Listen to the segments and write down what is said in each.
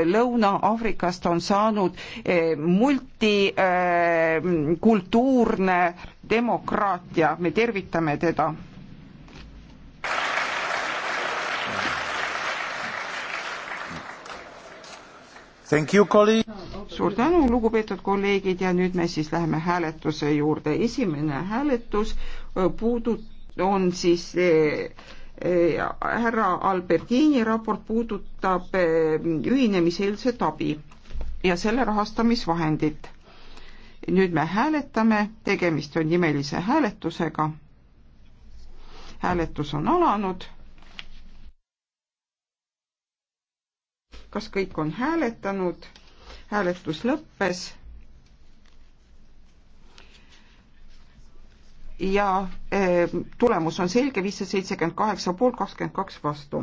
Lõuna-Aafrikast on saanud eh, multikultuurne demokraatia, me tervitame teda. suur tänu, lugupeetud kolleegid ja nüüd me siis läheme hääletuse juurde. esimene hääletus eh, puudut-, on siis eh, Eh, härra Albertini raport puudutab eh, ühinemiseelset abi ja selle rahastamisvahendit. nüüd me hääletame, tegemist on nimelise hääletusega. hääletus on alanud. kas kõik on hääletanud? hääletus lõppes ja eh, tulemus on selge, viissada seitsekümmend kaheksa poolt, kakskümmend kaks vastu.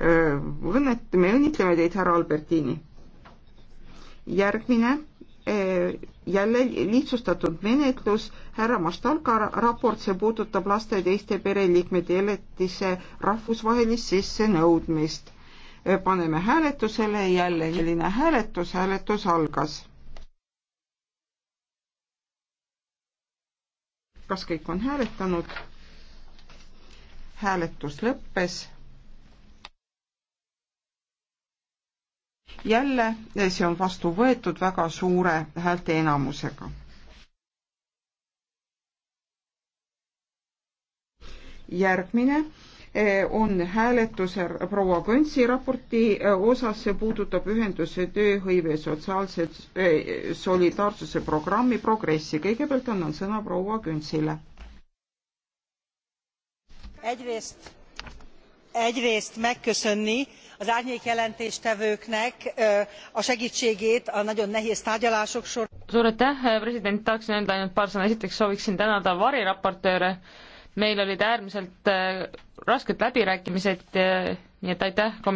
Eh, õnnet-, me õnnitleme teid, härra Albertini. järgmine jälle lihtsustatud menetlus, härra Mastalka raport, see puudutab laste ja teiste pereliikmete elatise rahvusvahelist sissenõudmist. paneme hääletusele jälle selline hääletus, hääletus algas. kas kõik on hääletanud? hääletus lõppes jälle see on vastu võetud väga suure häälteenamusega. järgmine eh, on hääletuse proua Kõntsi raporti eh, osas, see puudutab ühenduse tööhõive sotsiaalse eh, solidaarsuse programmi progressi. kõigepealt annan sõna proua Kõntsile. egyrészt egyrészt megköszönni az árnyék jelentéstevőknek a segtségét a nagyon nehéz tárgyalások során. suur aitäh president tahaksin öelda ainult paar sõna esiteks sooviksin tänada variraportööre meil olid äärmiselt äh, rasked läbirääkimised äh, nii et aitäh komisjonile.